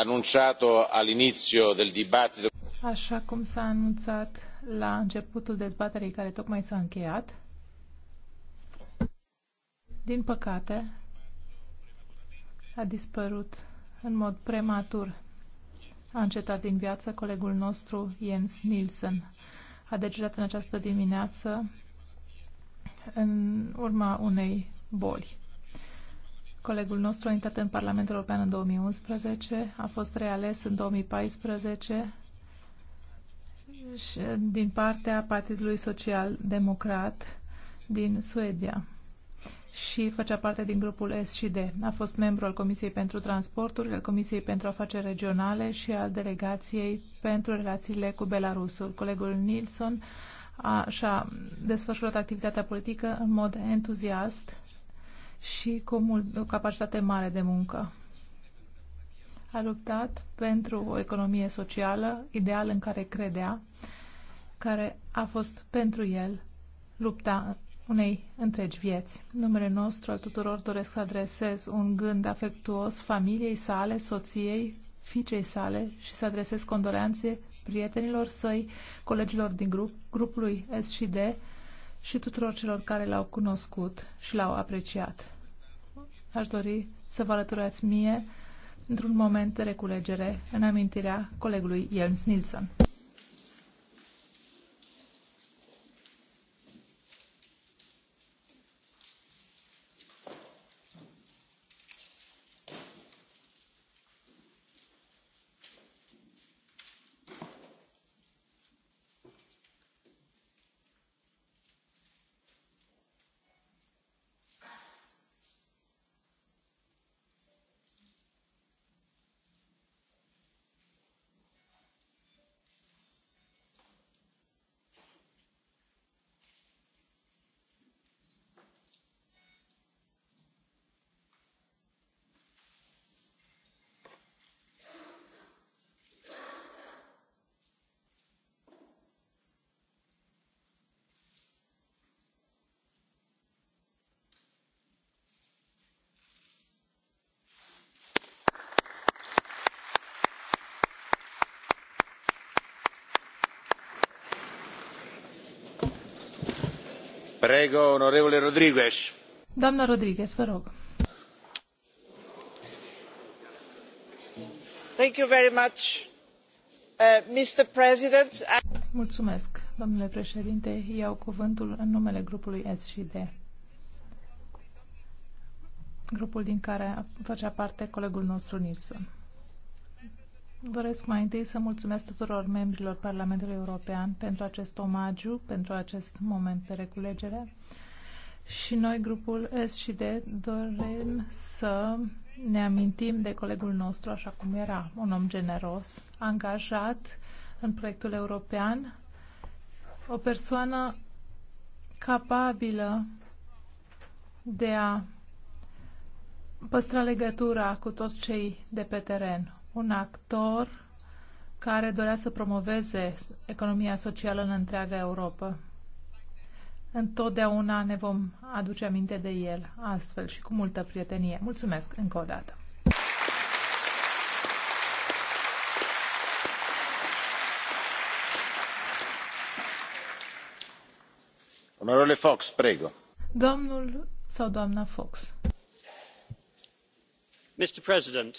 annunciato all'inizio del dibattito. Așa cum s-a anunțat la începutul dezbaterii care tocmai s-a încheiat, din păcate, a dispărut în mod prematur. A încetat din viață colegul nostru Jens Nielsen. A decedat în această dimineață în urma unei boli. Colegul nostru a intrat în Parlamentul European în 2011, a fost reales în 2014 și eh, din partea Partidului Social Democrat din Suedia și făcea parte din grupul S și D. A fost membru al Comisiei pentru Transporturi, al Comisiei pentru Afaceri Regionale și al Delegației pentru Relațiile cu Belarusul. Colegul Nilsson a, și-a desfășurat activitatea politică în mod entuziast și cu o, mult, o capacitate mare de muncă. A luptat pentru o economie socială, ideal în care credea, care a fost pentru el lupta unei întregi vieți. Numele nostru al tuturor doresc să adresez un gând afectuos familiei sale, soției, fiicei sale și să adresez condoleanțe prietenilor săi, colegilor din grup, grupului S și D, și tuturor celor care l-au cunoscut și l-au apreciat. Aș dori să vă alăturați mie într-un moment de reculegere în amintirea colegului Jens Nilsson. Prego, onorevole Rodriguez. Doamna Rodriguez, vă rog. Thank you very much. Uh, Mr. President, I... Mulțumesc, domnule președinte. Iau cuvântul în numele grupului SD grupul din care făcea parte colegul nostru Nilsson. Doresc mai întâi să mulțumesc tuturor membrilor Parlamentului European pentru acest omagiu, pentru acest moment de reculegere. Și noi, grupul S și D, dorim să ne amintim de colegul nostru așa cum era, un om generos, angajat în proiectul european, o persoană capabilă de a păstra legătura cu toți cei de pe teren, un actor care dorea să promoveze economia socială în întreaga Europa. Întotdeauna ne vom aduce aminte de el astfel și cu multă prietenie. Mulțumesc încă o dată! Onorele Fox, prego. Domnul sau doamna Fox. Mr. President,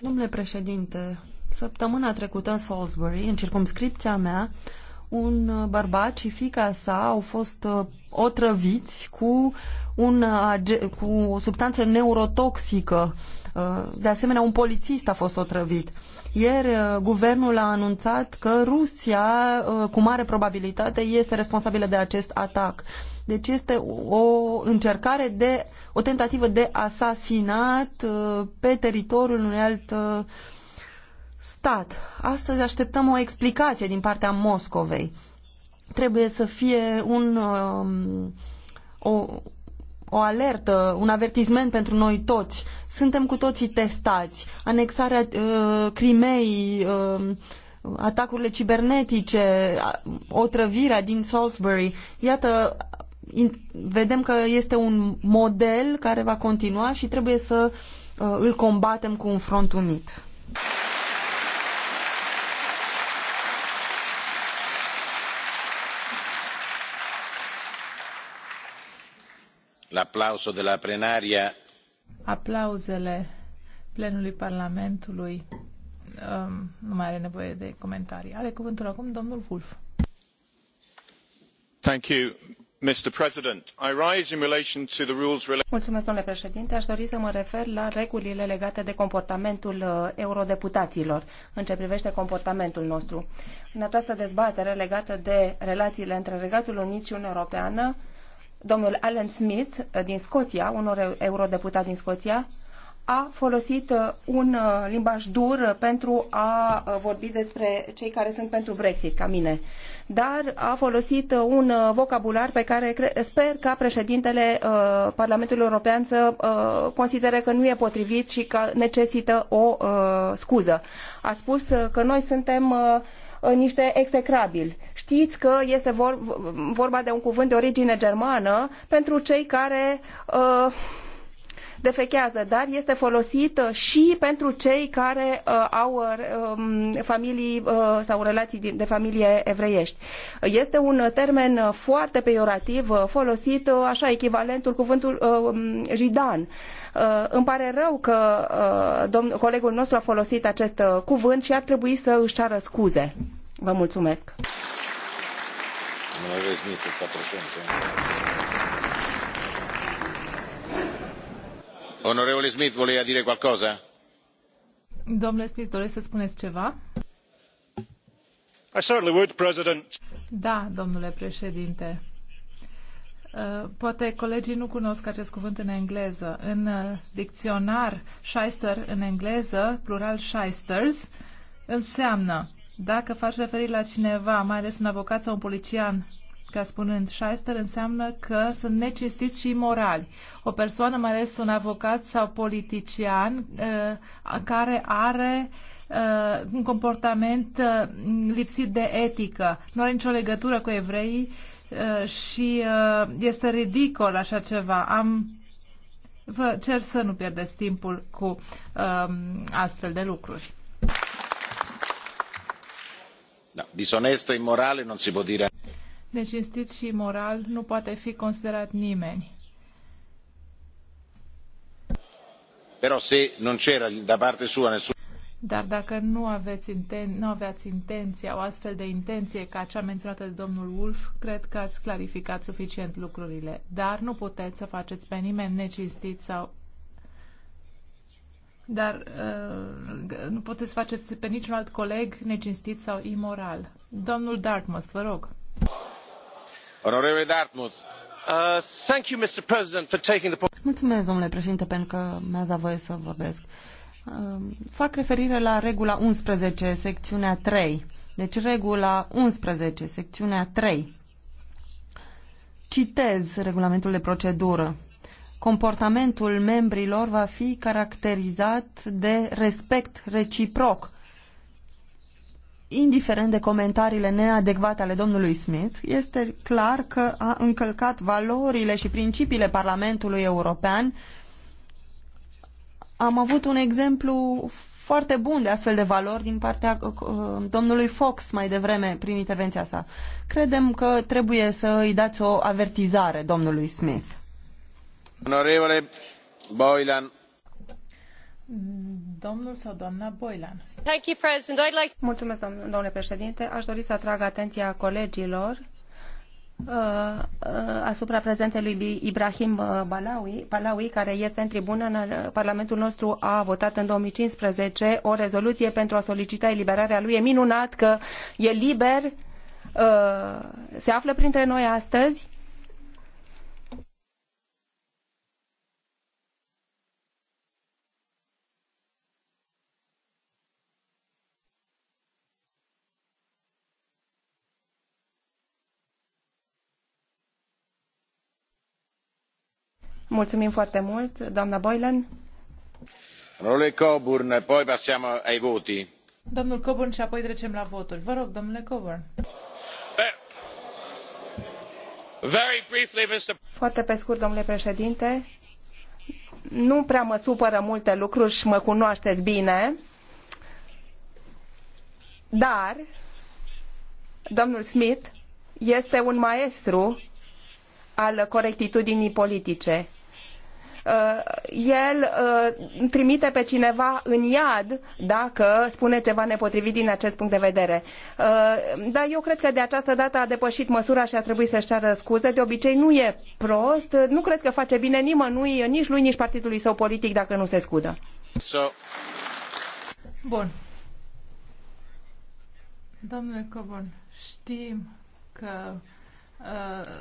Domnule președinte, săptămâna trecută în Salisbury, în circumscripția mea, un uh, bărbat și fica sa au fost uh, otrăviți cu, un, uh, cu o substanță neurotoxică. De asemenea, un polițist a fost otrăvit. Ieri, guvernul a anunțat că Rusia, cu mare probabilitate, este responsabilă de acest atac. Deci este o încercare de, o tentativă de asasinat pe teritoriul unui alt uh, stat. Astăzi așteptăm o explicație din partea Moscovei. Trebuie să fie un, um, o, o alertă, un avertisment pentru noi toți. Suntem cu toții testați. Anexarea uh, Crimei, uh, atacurile cibernetice, otrăvirea din Salisbury. Iată, in, vedem că este un model care va continua și trebuie să uh, îl combatem cu un front unit. L'aplauso della plenaria. Aplauzele plenului Parlamentului um, nu mai are nevoie de comentarii. Are cuvântul acum domnul Wolf. Thank you Mr. President. I rise in relation to the rules related. Mulțumesc domnule președinte aș dori să mă refer la regulile legate de comportamentul uh, eurodeputaților în ce privește comportamentul nostru. în această dezbatere legată de relațiile între regatul unit și uniunea europeană domnul Alan Smith uh, din Scoția, un eurodeputat din Scoția, a folosit uh, un uh, limbaj dur pentru a vorbi despre cei care sunt pentru Brexit, ca mine. Dar a folosit un vocabular pe care sper ca președintele Parlamentului European să considere că nu e potrivit și că necesită o scuză. A spus că noi suntem Uh, niște execrabili. Știți că este vor, vorba de un cuvânt de origine germană pentru cei care uh, defechează, dar este folosit uh, și pentru cei care uh, au uh, um, familii sau relații de familie evreiești. Este un termen foarte peiorativ folosit, așa, echivalentul cuvântul um, jidan. Îmi pare rău că domn, colegul nostru a folosit acest cuvânt și ar trebui să își ceară scuze. Vă mulțumesc. Mulțumesc. Smith, Domnule Smith, doresc să spuneți ceva? I certainly would, President. Da, domnule președinte. Uh, poate colegii nu cunosc acest cuvânt în engleză. În uh, dicționar, shyster în engleză, plural shysters, înseamnă dacă faci referire la cineva, mai ales un avocat sau un polician ca spunând șaister, înseamnă că sunt necinstiți și imorali. O persoană, mai ales un avocat sau politician, uh, care are uh, un comportament uh, lipsit de etică, nu are nicio legătură cu evreii și este ridicol așa ceva. Am Vă cer să nu pierdeți timpul cu um, astfel de lucruri. Da, disonesto, imorale, non si può dire de deci, cinstit și moral nu poate fi considerat nimeni. Però se non c'era da parte sua nessun... Dar dacă nu, aveți inten- nu aveați intenția, o astfel de intenție ca cea menționată de domnul Wolf, cred că ați clarificat suficient lucrurile. Dar nu puteți să faceți pe nimeni necinstit sau dar uh, nu puteți faceți pe niciun alt coleg necinstit sau imoral. Domnul Dartmouth, vă rog. Uh, Mulțumesc, domnule președinte, pentru că mi-ați dat voie să vorbesc. Um, fac referire la regula 11, secțiunea 3. Deci regula 11, secțiunea 3. Citez regulamentul de procedură. Comportamentul membrilor va fi caracterizat de respect reciproc indiferent de comentariile neadecvate ale domnului Smith, este clar că a încălcat valorile și principiile Parlamentului European. Am avut un exemplu foarte bun de astfel de valori din partea uh, uh, domnului Fox mai devreme prin intervenția sa. Credem că trebuie să îi dați o avertizare domnului Smith. Onorevole Boylan. Domnul sau doamna Boylan. Mulțumesc, domnule președinte. Aș dori să atrag atenția colegilor uh, uh, asupra prezenei lui Ibrahim uh, Balawi, Balawi, care este în tribună. Parlamentul nostru a votat în 2015 o rezoluție pentru a solicita eliberarea lui. E minunat că e liber, se află printre noi astăzi Mulțumim foarte mult, doamna Boylan. Domnule Coburn, apoi passiamo ai voti. Domnul Coburn și apoi trecem la voturi. Vă rog, domnule Coburn. Foarte pe scurt, domnule președinte, nu prea mă supără multe lucruri și mă cunoașteți bine, dar domnul Smith este un maestru al corectitudinii politice. Uh, el uh, trimite pe cineva în iad dacă spune ceva nepotrivit din acest punct de vedere. Uh, dar eu cred că de această dată a depășit măsura și a trebuit să-și ceară scuze. De obicei nu e prost, nu cred că face bine nimănui, nici lui, nici partidului său politic dacă nu se scudă. So... Bun. Domnule Coborn, știm că Uh,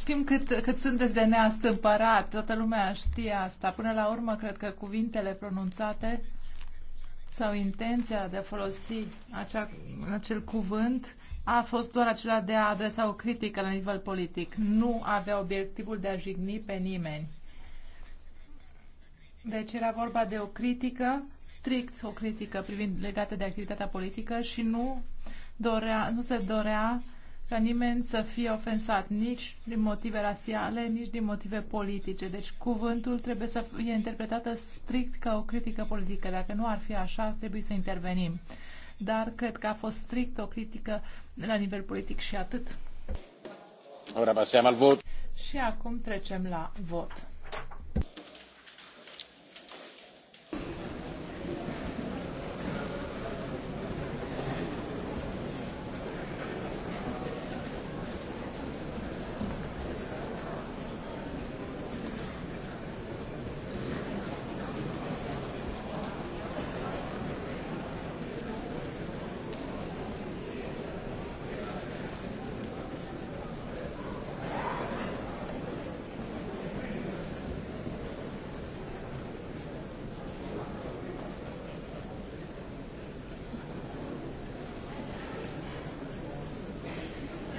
știm cât, cât sunteți de neastâmpărat, toată lumea știe asta. Până la urmă, cred că cuvintele pronunțate sau intenția de a folosi acea, acel cuvânt a fost doar acela de a adresa o critică la nivel politic. Nu avea obiectivul de a jigni pe nimeni. Deci era vorba de o critică, strict o critică privind legată de activitatea politică și nu, dorea, nu se dorea uh, ca nimeni să fie ofensat nici din motive rasiale, nici din motive politice. Deci cuvântul trebuie să fie interpretată strict ca o critică politică. Dacă nu ar fi așa, ar trebui să intervenim. Dar cred că a fost strict o critică la nivel politic și atât. Ora al vot. Și acum trecem la vot.